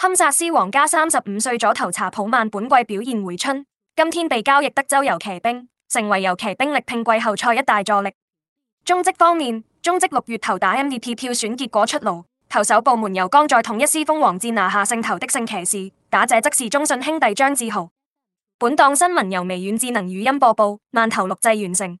堪薩斯皇家三十五歲左投查普曼本季表現回春，今天被交易德州遊騎兵，成為遊騎兵力拼季後賽一大助力。中職方面，中職六月投打 MVP 票選結果出爐，投手部門由剛在統一獅蜂王戰拿下勝投的聖騎士，打者則是中信兄弟張志豪。本檔新聞由微軟智能語音播報，慢投錄製完成。